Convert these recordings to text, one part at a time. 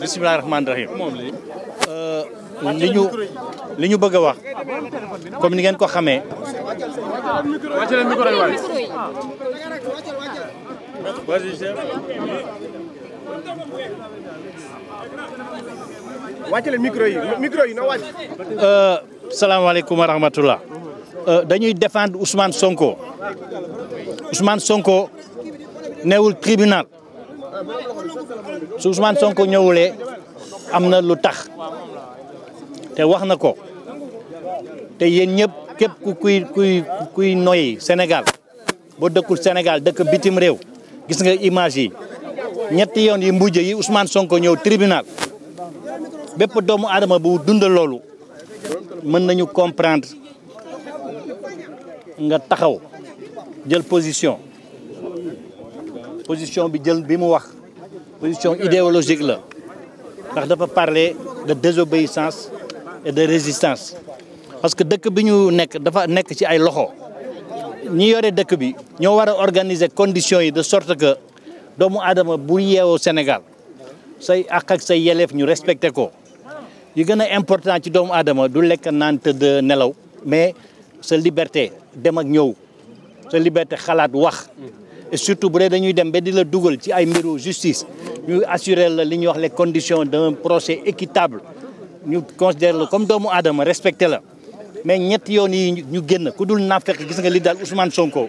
bisimilah rahmaani rahim euh, li ñu li bëgg a wax comme ni ngeen ko xamee wàccale micro yi micro yi euh, euh, dañuy défendre Ousmane Sonko Ousmane Sonko newul tribunal. su Ousmane Sonko ñëwulee am na lu tax te wax na ko te yéen ñëpp képp ku kuy kuy kuy noyyi Sénégal boo dëkkul Sénégal dëkk bitim réew gis nga image yi ñetti yoon yi mujj yi Ousmane Sonko ñëw tribunal bépp doomu aadama bu dund loolu mën nañu comprendre nga taxaw jël position position bi jël bi mu wax position idéologique la ndax dafa parler de désobéissance et de résistance parce que dëkk bi ñu nekk dafa nekk ci ay loxo ñi yore dëkk bi ñoo war a organiser conditions yi de sorte que doomu aadama bu yeewoo Sénégal say ak say yeleef ñu respecté ko yi gën a important ci doomu aadama du lekk naan tëdd nelaw mais sa liberté dem ak ñëw sa liberté xalaat wax et surtout bu dee dañuy dem ba di la dugal ci ay mbiru justice ñu assurer la li ñuy wax les condition d'un procès équitable ñu considère la comme doomu aadama respecté la mais ñett yoon yi ñu génn ku dul naafeq gis nga li daal Ousmane Sonko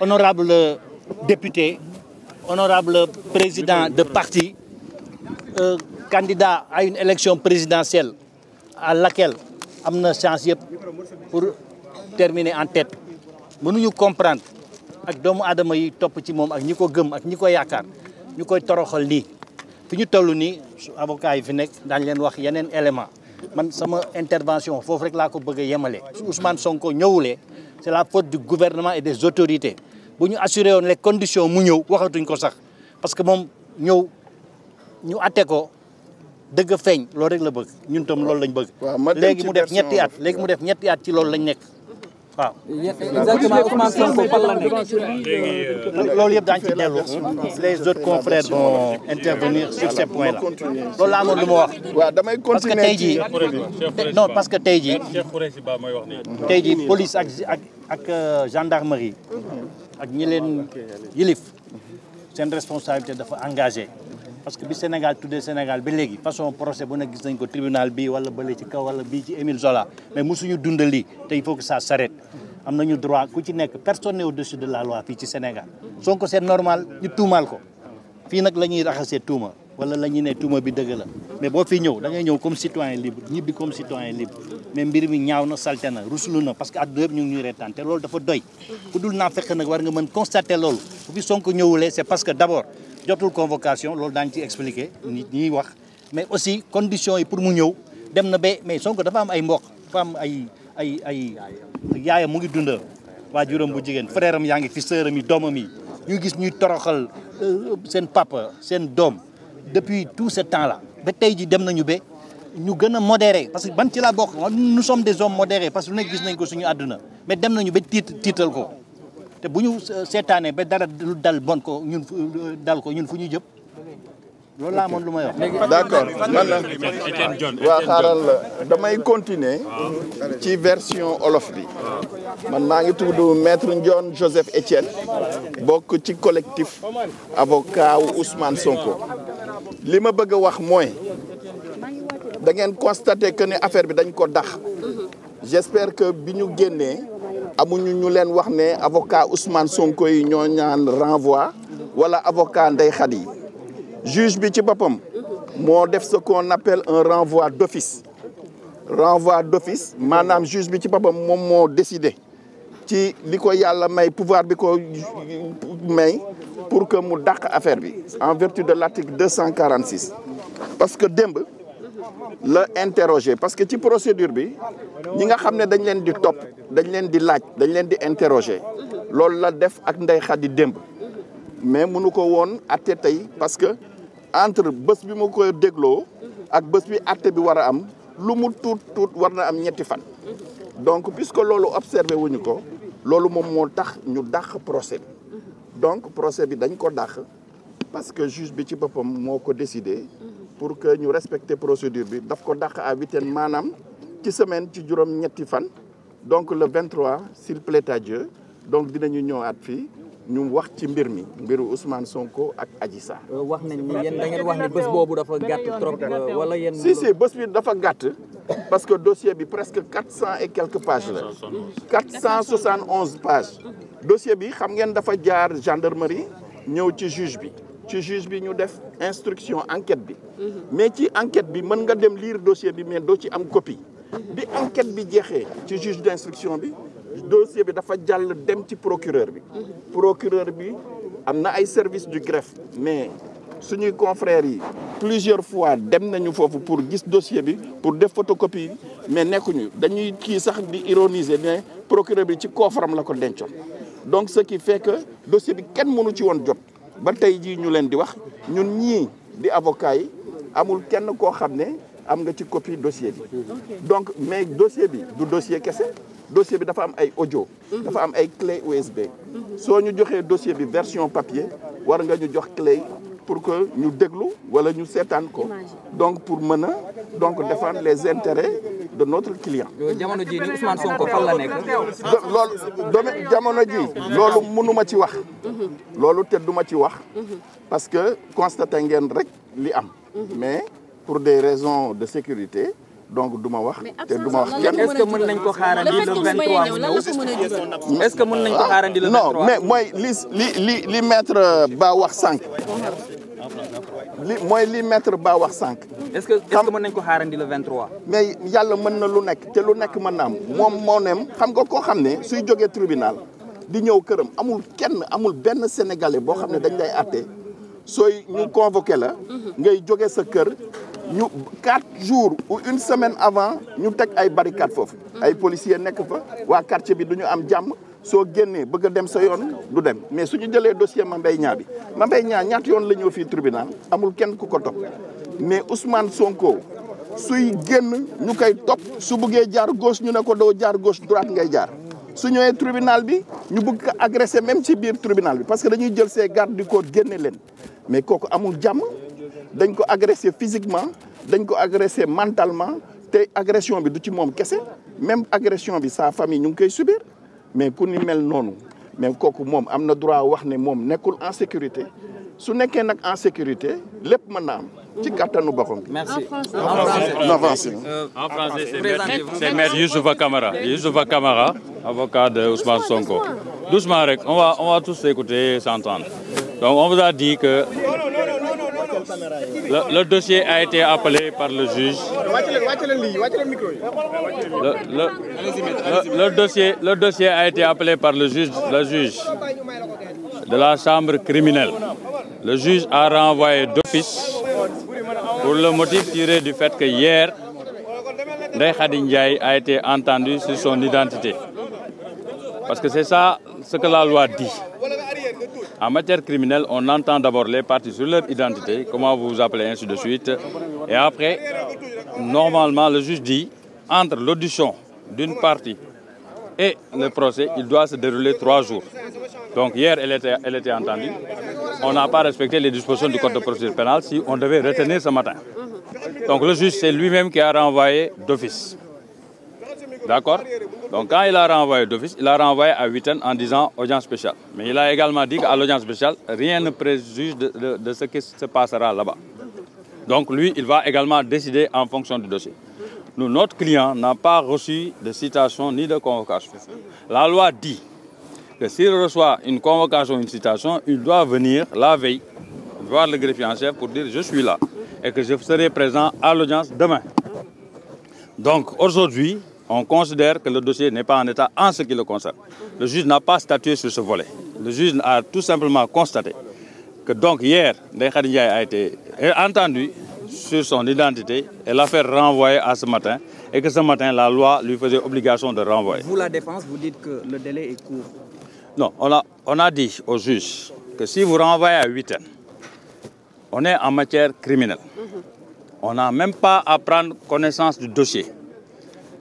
honorable député honorable président de parti euh, candidat à une élection présidentielle à laquelle am na chance yëpp pour terminer en tête mënuñu comprendre ak doomu aadama yi topp ci moom ak ñi ko gëm ak ñi ko yaakaar ñu koy toroxal nii fi ñu toll nii avocat yi fi nekk daañ leen wax yeneen élément man sama intervention foofu rek laa ko bëgg a yemale su Ousmane Sonko ñëwulee c'est la faute du gouvernement et des autorités bu ñu assurer woon les condition mu ñëw waxatuñ ko sax parce que moom ñëw ñu atte ko dëgg feeñ loolu rek la bëgg ñun tam loolu lañ bëgg léegi mu def ñetti at léegi mu def ñetti at ci loolu lañ nekk waaw exactement Ousmane Sonko fan euh, loolu yëpp daañu ci dellu les autres confrères vont intervenir sur ces points là loolu laa amoon lu ma wax. parce que tey jii non parce que tey jii tey jii police ak ak ak euh, gendarmerie ak ñi leen yilif seen responsabilité dafa engagé. parce que bi Sénégal tuddee Sénégal ba léegi façon procès bu nekk gis nañ ko tribunal bi wala bële ci kaw wala bii ci Émile Zola mais mosuñu dunda lii te il faut que ça s'arrête am nañu droit ku ci nekk personne n'est au-dessus de la loi fii ci Sénégal Sonko c'est normal ñu tuumaal ko fii nag la ñuy raxasee tuuma wala la ñu ne tuuma bi dëgg la mais boo fi ñëw da ñëw comme citoyen libre ñibbi comme citoyen libre mais mbir mi ñaaw na salte na ruslu na parce que àdduna yëpp ñu ngi ñuy reetaan te loolu dafa doy ku dul naa fekk nag war nga man constater loolu bu fi Sonko ñëwulee c'est parce que d'abord jotul convocation loolu daañu ci expliquer nit ñiy wax mais aussi conditions yi pour mu ñëw dem na ba mais sonk dafa am ay mbokk dafa am ay ay ay yaayam mu ngi dunda waajuram bu jigéen frère am yaa ngi fi sœur am yi doomam yi ñu gis ñuy euh, seen papa seen doom depuis tous ce temps-là ba tey ji dem nañu ba ñu gën a modéré parce que ban ci laa bokk nous some des hommes modérés parce que lu nekk gis nañ ko suñu àdduna mais dem nañu ba tiit tiital ko te bu ñu seetaanee ba dara lu dal bon ko ñun dal ko ñun fu ñu jëm loolu laa moom lu may wax. d'accord man la waa xaaral damay continuer ci version olof bi man maa ngi tudd maître Ndione Joseph Étienne bokk ci collectif avocat wu Ousmane Sonko. li ma bëgg a wax mooy da ngeen constaté que ne affaire bi dañ ko dax j'espère que bi ñu génnee amuñu ñu leen wax ne avocat Ousmane Sonko yi ñoo ñaan renvoi wala avocat Ndeye Khady juge bi ci boppam moo def sa qu'on nappel un renvoi d'office renvoi d'office maanaam juge bi ci boppam moom moo décidé ci li ko yàlla may pouvoir bi ko may pour que mu dàq affaire bi en vertu de l'article 246 parce que démb la interroger parce que ci procédure bi ñi nga xam ne dañ leen di topp dañ leen di laaj dañ leen di interroger loolu la def ak Ndeye Khady démb mais mënu ko woon atte tey parce que entre bés bi mu ko dégloo ak bés bi atte bi war a am lu mu tuut tuut war na am ñetti fan donc puisque loolu observé wuñu ko loolu moom moo tax ñu dàq procès donc procès bi dañ ko dàq parce que juge bi ci boppam moo ko décidé pour que ñu respecter procédure bi daf ko dàq à huitaine maanaam ci semaine ci juróom-ñetti fan donc le 23 s'il plaît à Dieu donc dinañu ñëwaat fii ñu wax ci mbir mi mbiru Ousmane Sonko ak Adji Sarr. Euh, wax ni yéen ngeen wax ni boobu dafa gàtt trop euh, wala yéen. si si dafa gàtt. parce que dossier bi presque quatre cent et quelques pages la quatre cent soixante onze pages dossier bi xam ngeen dafa jaar gendarmerie ñëw ci juge bi ci juge bi ñu def instruction enquête bi mais ci enquête bi mën nga dem liir dossier bi mais doo ci am copie bi enquête bi jeexee ci juge d'instruction bi dossier bi dafa jàll dem ci procureur bi procureur bi am na ay service du greffe mais suñuy confrères yi plusieurs fois dem nañu foofu pour gis dossier bi pour def photocopie mais nekkuñu dañuy kii sax di ironiser ne procureur bi ci coffre-am la ko dencoon donc ce qui fait que dossier bi kenn mënu ci woon jot ba tey jii ñu leen di wax ñun ñii di avocat yi amul kenn koo xam ne am nga ci copie dossier bi donc mais dossier bi du dossier kese dossier bi dafa am ay audio mhm. dafa am ay clé USB mhm. soo ñu joxee dossier bi version papier wara nga ñu jox clé pour que ñu déglu wala ñu seetaan ko donc pour mën a donc défendre les intérêts de notre client. jamono ji ni Ousmane Sonko fan la nekk. loolu jamono ji loolu mënuma ci wax. loolu te duma ci wax. parce que constaté ngeen rek li am. mais pour des raisons de sécurité. donc du ma wax te du ma wax kenn. est-ce que mën nañ ko xaarandi le 23 est-ce que mën nañ ko ah, xaarandi le 23 non mais mooy li li li maître Ba wax sànq. li mooy li maître baa wax sànq. est-ce que est mën nañ ko xaarandi le 23. mais yàlla mën na lu nekk te lu nekk mën na am moom moo nem xam nga koo xam ne suy jógee tribunal di ñëw këram amul kenn amul benn sénégalais boo xam ne dañ lay àtte sooy ñu convoqué la. ngay jóge sa kër ñu quatre jours ou une semaine avant ñu teg ay barricade foofu. ay policiers nekk fa waa quartier bi du ñu am jàmm. soo génnee bëgg dem sa yoon du dem mais su ñu jëlee dossier Mame Mbaye Niang bi Mame Mbaye Niang yoon la ñëw fii tribunal amul kenn ku ko topp mais Ousmane Sonko suy génn ñu koy topp su buggee jaar gauche ñu ne ko doo jaar gauche droite ngay jaar su ñëwee tribunal bi ñu bëgg ko agressé même ci biir tribunal bi parce que dañuy jël see gardes du corps génne leen mais kooku amul jàmm dañ ko agressé physiquement dañ ko agressé mentalement te agression bi du ci moom kese même agression bi sa famille ñu ngi koy subir mais ku ni mel noonu mais kooku moom am na droit wax ne moom nekkul en sécurité su nekkee nag en sécurité lépp mën na am ci kattanu boppam. merci en français en français euh, c'est maître Youssoufa Camara Youssoufa Camara avocat de Ousmane Sonko doucement rek on on va tous écouter s'entendre donc on vous a dit que Le, le, dossier a été appelé par le juge. Le, le, dossier, le dossier a été appelé par le juge, le juge de la chambre criminelle. Le juge a renvoyé d'office pour le motif tiré du fait que hier, Ndeye Khadindjaï a été entendu sur son identité. Parce que c'est ça ce que la loi dit. En matière criminelle, on entend d'abord les parties sur leur identité, comment vous vous appelez, ainsi de suite. Et après, normalement, le juge dit, entre l'audition d'une partie et le procès, il doit se dérouler trois jours. Donc hier, elle était, elle était entendue. On n'a pas respecté les dispositions du Code de procédure pénale si on devait retenir ce matin. Donc le juge, c'est lui-même qui a renvoyé d'office. D'accord Donc quand il a renvoyé d'office, il a renvoyé à Witten en disant audience spéciale. Mais il a également dit qu'à l'audience spéciale, de, ce qui se passera là-bas. Donc lui, il va également décider en fonction du dossier. Nous, notre client n'a pas reçu de citation ni de convocation. La loi dit que s'il reçoit une convocation, une citation, il doit venir la veille voir le greffier en chef pour dire je suis là et que je serai présent à l'audience demain. Donc aujourd'hui, on considère que le dossier n'est pas en état en ce qui le concerne. Le juge n'a pas statué sur ce volet. Le juge a tout simplement constaté que donc hier, Ndeye Khady Ndiaye a été entendu sur son identité et l'affaire renvoyée à ce matin et que ce matin, la loi lui faisait obligation de renvoyer. Vous, la défense, vous dites que le délai Non, a, on a dit au juge que si vous renvoyez à 8 ans, on est en matière criminelle. Mhm. On n'a prendre connaissance du dossier.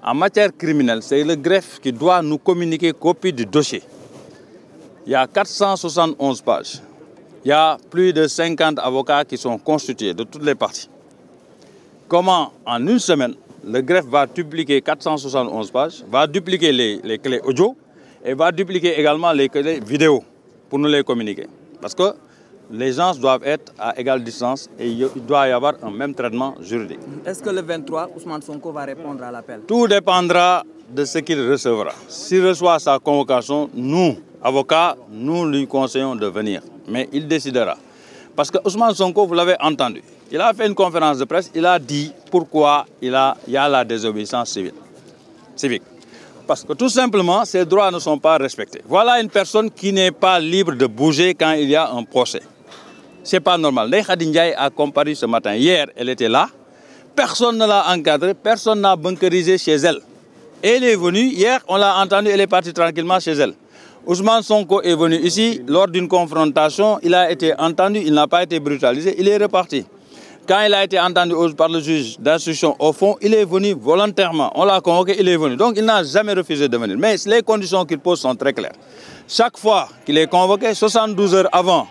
En matière criminelle, c'est le greffe qui doit nous communiquer copie du dossier. Il y a 471 pages. Il y a plus de 50 avocats qui sont constitués de toutes les parties. Comment, en une semaine, le greffe va dupliquer 471 pages, va dupliquer les, les clés audio et va dupliquer également les clés vidéo pour nous les communiquer. les gens doivent être à égale distance et il doit y avoir un même traitement juridique. le 23, Ousmane Sonko Tout dépendra de ce qu'il recevra. S'il reçoit sa convocation, nous, avocats, nous lui conseillons de venir. Mais il décidera. Parce que Ousmane Sonko, vous l'avez entendu, il a fait une conférence de presse, il a dit pourquoi il, a, il y a la désobéissance civique. Parce que tout simplement, ses droits ne sont pas respectés. Voilà une personne qui n'est pas libre de bouger quand c'est pas normal Ndeye Khady Ndiaye a comparu ce matin hier elle était là personne ne l'a encadrée personne n'a bunkerisé chez elle elle est venue hier on l'a entendue elle est partie tranquillement chez elle son Sonko est venu ici lors d'une confrontation il a été entendu il n'a pas été brutalisé il est reparti quand il a été entendu par le juge d'instruction au fond il est venu volontairement on l'a convoqué il est venu donc il n'a jamais refusé de venir mais les avant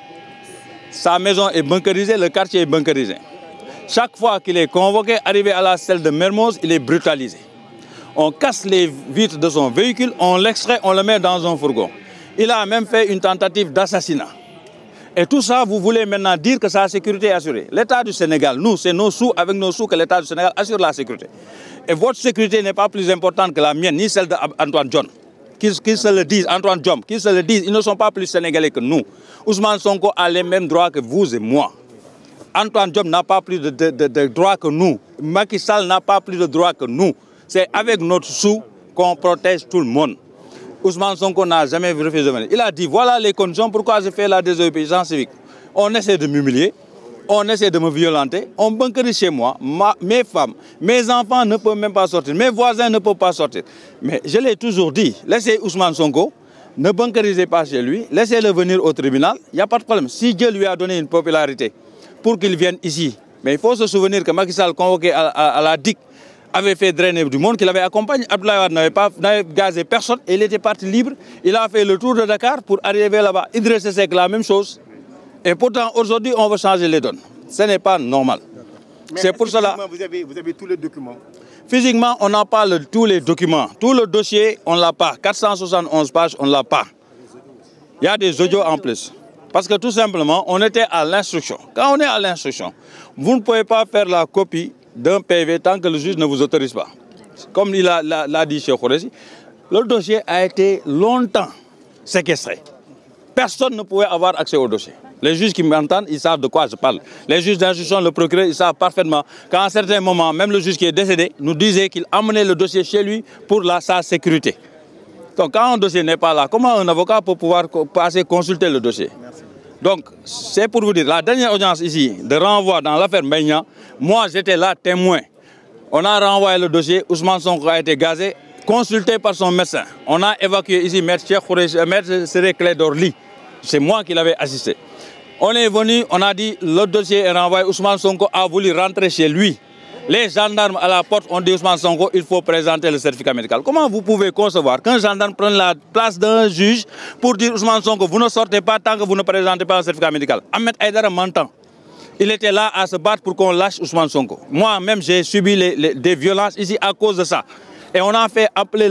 Sa maison est bunkerisée, le quartier est bunkerisé. Chaque fois qu'il est convoqué, arrivé à la selle de Mermoz, il est brutalisé. On casse les vitres de son véhicule, on l'extrait, on le met dans un fourgon. Il a même fait une tentative d'assassinat. Et tout ça, vous voulez maintenant dire que sa sécurité est assurée. L'État du Sénégal, nous, c'est nos sous, avec nos sous que l'État du Sénégal assure la sécurité. Et votre sécurité n'est pas plus importante Qu'ils qu se le disent, Antoine Diom, qu'ils se le disent, ils ne sont pas plus sénégalais que nous. Ousmane Sonko a les mêmes droits que vous et moi. Antoine Diom n'a pas plus de, de, de, droits que nous. Macky Sall n'a pas plus de droits que nous. C'est avec notre sou qu'on protège tout le monde. Ousmane Sonko n'a jamais refusé de Il a dit, voilà les conditions pourquoi je fais la désobéissance civique. On essaie de m'humilier, on essaie de me violenter, on banquerie chez moi, ma, mes femmes, mes enfants ne peuvent même pas sortir, mes voisins ne peuvent pas sortir. Mais je l'ai toujours dit, laissez Ousmane Sonko, ne banquerisez pas chez lui, laissez-le venir au tribunal, il n'y a pas de problème. Si Dieu lui a donné une popularité pour qu'il vienne ici, mais il faut se souvenir que Macky convoqué à, la DIC, avait fait drainer du monde, qu'il avait accompagné. Abdoulaye n'avait pas personne, et il Et pourtant, aujourd'hui, on veut changer les données. Ce n'est pas normal. C'est -ce pour cela. Vous avez, vous avez tous les documents Physiquement, le, tous les documents. Tout le dossier, on ne l'a pas. 471 pas. des audios en plus. Parce que tout simplement, on était à l'instruction. Quand on à l'instruction, vous ne pouvez pas faire la copie d'un PV tant que le juge ne vous autorise pas. l'a dit chez Khouressi, le dossier a été longtemps séquestré. Personne ne pouvait avoir Les juges qui m'entendent, ils savent de quoi je parle. Les juges d'instruction, le procureur, ils savent parfaitement qu'à un certain moment, même le juge qui est décédé nous disait qu'il amenait le dossier chez lui pour la, sécurité. Donc quand un dossier n'est pas là, comment un avocat peut pouvoir passer consulter le dossier Merci. Donc c'est pour vous dire, la dernière audience ici de renvoi dans l'affaire Meignan, moi j'étais là témoin. On a renvoyé le On est venu, on a dit le dossier est renvoyé. Ousmane Sonko a voulu rentrer chez lui. Les gendarmes à la porte ont dit Ousmane Sonko, il faut présenter le certificat médical. Comment vous pouvez concevoir qu'un gendarme prenne la place d'un juge pour dire Ousmane Sonko, vous ne sortez pas tant que vous ne présentez pas un certificat médical Ahmed Aydara m'entend. Il était là à se battre pour qu'on lâche Ousmane Sonko. Moi-même, j'ai subi des violences ici à cause de ça. Et a fait appeler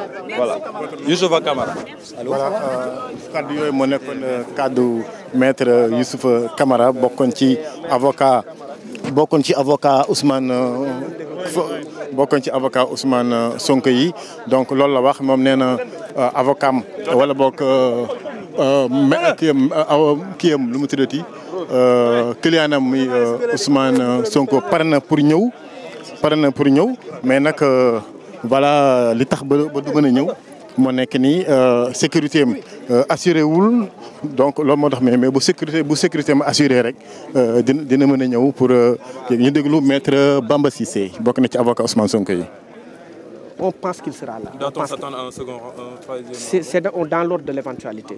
voilà Youssoufa Camara. voilà euh, kaddu yooyu moo nekkoon euh, kaddu maître euh, Youssoufa Camara bokkoon ci avocat bokkoon ci avocat Ousmane bokkoon ci avocat Ousmane Sonko yi donc loolu la wax moom nee na avocat wala boog kiyam kiyam lu mu tuddati client am muy Ousmane Sonko pare na pour ñëw pare na pour voilà euh, li tax ba ba du mën a ñëw moo nekk nii euh, sécurité am euh, wul donc loolu moo tax mais mais bu sécurité bu sécurité am assuré rek dina dina mën a ñëw pour ñu déglu maître bambasise bokk na ci avocat Ousmane Sonko yi. on pense qu'il sera là. C'est dans l'ordre de l'éventualité.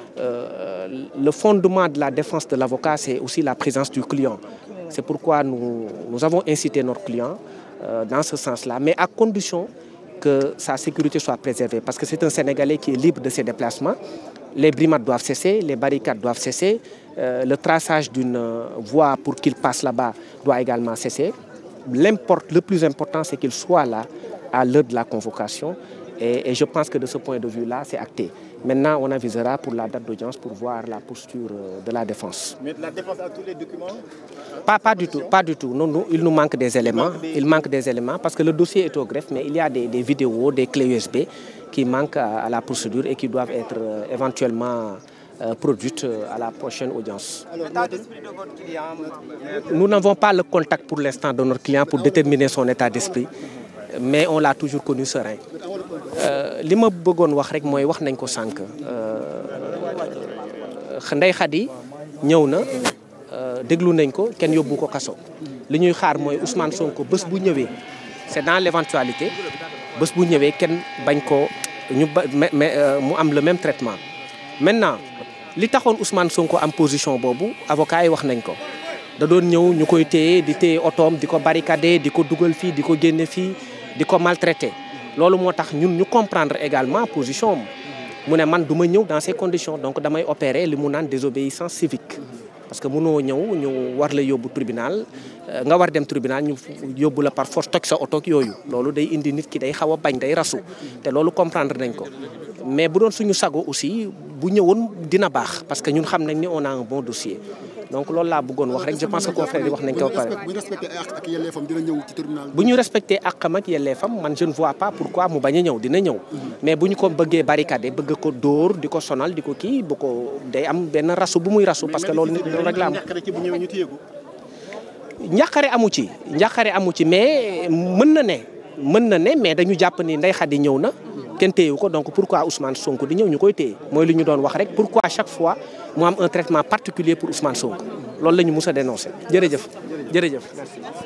Euh, le fondement de la défense de l'avocat, c'est aussi la présence du client. C'est pourquoi nous, nous, avons incité notre client euh, dans ce sens-là, mais à condition que sa sécurité soit préservée, parce que c'est un Sénégalais qui est libre de ses déplacements. Les brimades doivent cesser, les barricades doivent cesser, euh, le traçage d'une voie pour qu'il passe là-bas doit également cesser. Le plus important, c'est qu'il soit là à l'heure de la convocation, et, et je pense que de ce point de vue-là, c'est acté. Maintenant, on avisera pour la date d'audience pour voir la posture euh, de la défense. Mais la défense a tous Pas, du tout, il nous manque des éléments. Il manque des... il parce que le dossier est au greffe, mais il y a des, des vidéos, des clés USB qui manquent à, la procédure et qui doivent être euh, éventuellement euh, produites à la prochaine audience. Alors, nous n'avons pas le contact pour l'instant de notre client pour déterminer son état d'esprit, mais on l'a toujours connu serein. Euh, li ma bëggoon wax rek mooy wax nañ ko sànq euh, Ndeye Khady ñëw na euh, déglu nañ ko kenn yóbbu ko kaso li ñuy xaar mooy Ousmane Sonko bés bu ñëwee c'est dans l'éventualité bés bu ñëwee kenn bañ ko ñu ba mu am le même traitement maintenant li taxoon Ousmane Sonko am position boobu avocat yi wax nañ ko da doon ñëw ñu koy téye di téye otoom di ko barricader di ko dugal fii di ko génne fii di ko maltraiter loolu moo tax ñun ñu comprendre également position am mu ne man duma ñëw dans ces conditions donc damay opérer li mu naan désobéissance civique parce que mënoo ñëw ñu war la yóbbu tribunal euh, nga war dem tribunal ñu yóbbu la par force toj sa otoog yooyu loolu day indi nit ki day xaw a bañ day rasu te loolu comprendre nañ ko mais bu doon suñu sago aussi bu ñëwoon dina baax parce que ñun xam nañ ni on a un bon dossier donc loolu laa bëggoon wax rek je pense que confrères yi wax nañ ko ba pare. bu ñu respecté àq ak yelleefam dina ñëw ci tribunal bu ñu respecté man je ne vois pas pourquoi mu bañ a ñëw dina ñëw. mais bu ñu ko bëggee barricadé bëgg ko dóor di ko sonal di ko kii bu ko day am benn rasu bu muy rasu. parce que loolu nit loolu rek la am amu ci njàqare amu ci mais mën na ne mën na ne mais dañu jàpp ni Ndeye Khady ñëw na kenn téyewu ko donc pourquoi Ousmane Sonko di ñëw ñu koy téye mooy li ñu doon wax rek pourquoi chaque fois mu am un traitement particulier pour Ousmane Sonko loolu la ñu mus a dénoncé jërëjëf jërëjëf merci